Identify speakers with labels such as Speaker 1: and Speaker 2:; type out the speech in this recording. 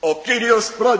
Speaker 1: ο κύριος πρόεδρος.